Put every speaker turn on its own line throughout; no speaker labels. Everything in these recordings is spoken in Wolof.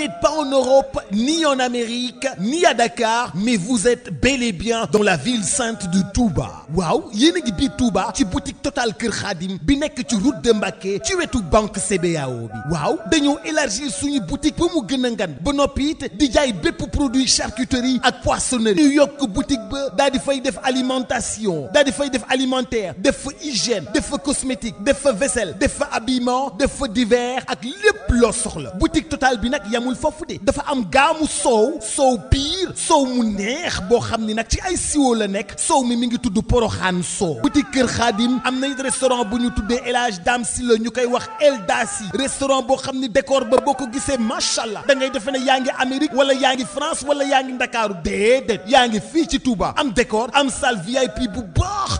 n'êtes pas en Europe, ni en Amérique, ni à Dakar, mais vous êtes bel et bien dans la ville sainte de Touba. waaw yéen a ngi biir Touba ci boutique totale Kër Khadim bi nekk ci route de Mbacké ci wetu banque CBAO bi waaw dañoo élargir suñu boutique ba mu gën a ngan ba noppi it di jaay bépp produit charcuterie ak poissonnerie ñu yokk boutique ba daa di fay def alimentation daa di fay def alimentaire def fa hygiène def fa cosmétique def fa vaisselle def fa habillement def fa divers ak lépp yemul foofu de dafa am gaamu soow soow piir soow mu neex boo xam ni nag ci ay siwo la nekk soow mi mi ngi tudd poroxaan soow boutique kër xaadim am nañ restaurant bu ñu tuddee El Hadj Dame si la ñu koy wax El Dasi restaurant boo xam ni décor ba boo ko gisee macha allah da ngay defe na yaa ngi Amérique wala yaa ngi France wala yaa ngi Ndakaaru déedéet yaa ngi fii ci tuubaa am décor am salle VIP bu baax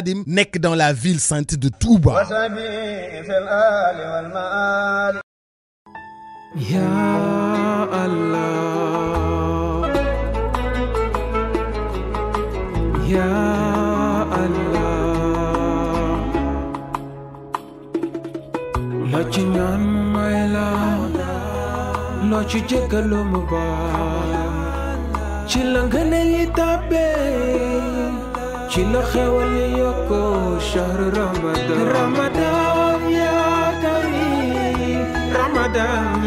Xaadim nekk dans la ville sainte de Touba.
yaa Allah
yaa Allah loo ci ñaan may la loo ci jéggalu mu baal ci la nga ne yi tàbbee ci la xewal yokkoo shahr ramadan ramadan ya karim ramadan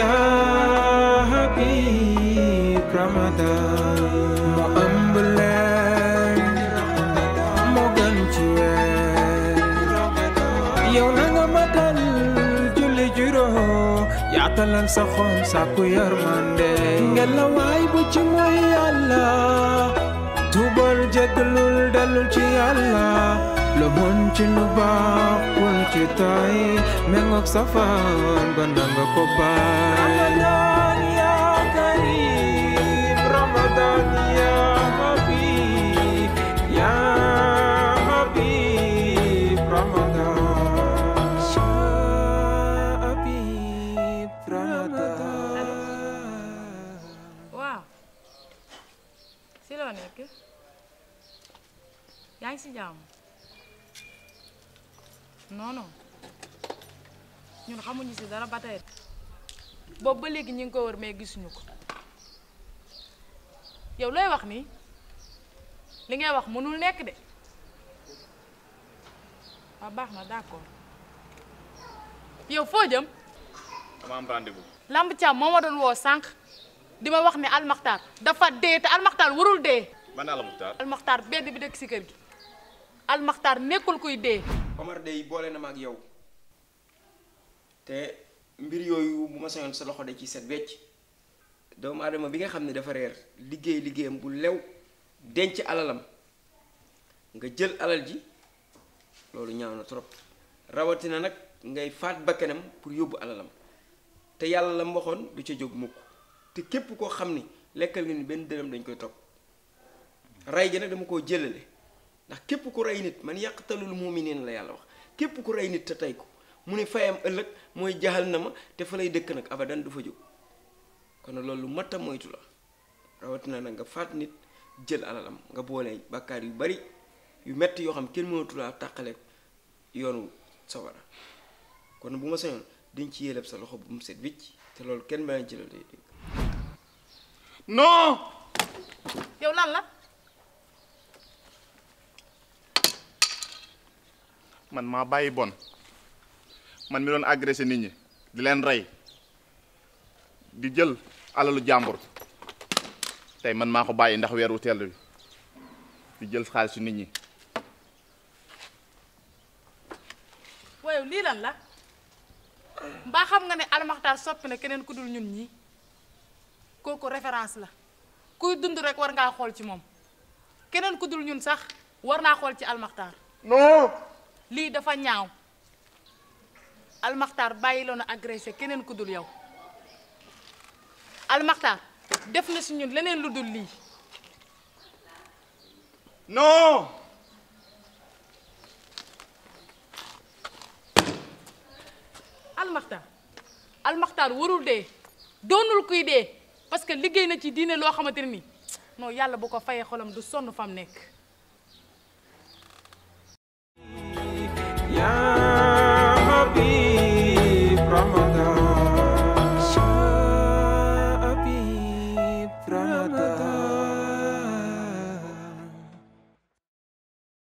ya habib ya yaatalal sa xol sàkku yërmande ngelaw waay bu ci mooy yàlla tuubal jégalul dellu ci yàlla lu mën ci lu baax ci tay mengook safaan ba nanga ko baay
loo nekk yaa ngi si jàmm non non ñun xamuñu si dara ba tey boobu ba léegi ñu ngi ko wër mais gisuñu ko yow looy wax nii li ngay wax mënul nekk de waaw ah, baax na d'accord yow foo jëm.
dama am rendez-vous.
doon woo sànq. di ma wax ne almaxtaar dafa dee te almaxtaar warul dee. man almaxtaar. almaxtaar benn bi dëkk si kër gi
almaxtaar nekkul kuy dee. Omar dey boole na ma ak yow te mbir yooyu bu ma sañoon sa loxo de ci set wecc doomu aadama bi nga xam ne dafa reer liggéey liggéeyam bu lew denc alalam nga jël alal ji loolu ñaaw na trop rawatina nag ngay faat bakkanam pour yóbbu alalam te yàlla la mboxoon waxoon du ca jóg mukk te képp koo xam ni lekkal nga ni benn dërëm dañ koy topp rey gi nag dama koo jëlale ndax képp ku rey nit man yàq yàqtalul muuminiin la yàlla wax képp ku rey nit te tey ko mu ne fayam ëllëg mooy jaxal na ma te fa lay dëkk nag abadan du fa jóg kon loolu lu mat a moytu la rawatina nag nga faat nit jël alalam nga boole bàkkaar yu bari yu metti yoo xam kenn mënatu laa tàqale yoonu sawara kon bu ma sañoon dañ ci yéleb sa loxo bu mu set wicc te loolu kenn melañ ci
non. yow lan la. man maa bàyyi bon man mi doon agressé nit ñi di leen rey di jël alalu jàmbur tey man maa ko bàyyi ndax weeru teel bi di jël xaalisu nit ñi.
waaye lii lan la mbaa xam nga ne almaxtaar soppi na keneen ku dul ñun ñii. kooku référence la kuy dund rek war ngaa xool ci moom keneen ku dul ñun sax war naa xool ci almaxtaar non lii dafa ñaaw almaxtaar bàyyi loon a keneen ku dul yow almaxtaar def na si ñun leneen lu dul lii non almaxtaar almaxtaar warul dee doonul kuy de parce que liggéey na ci diine loo xamante ne ni non yàlla bu ko fayee xolam du sonn fam nekk.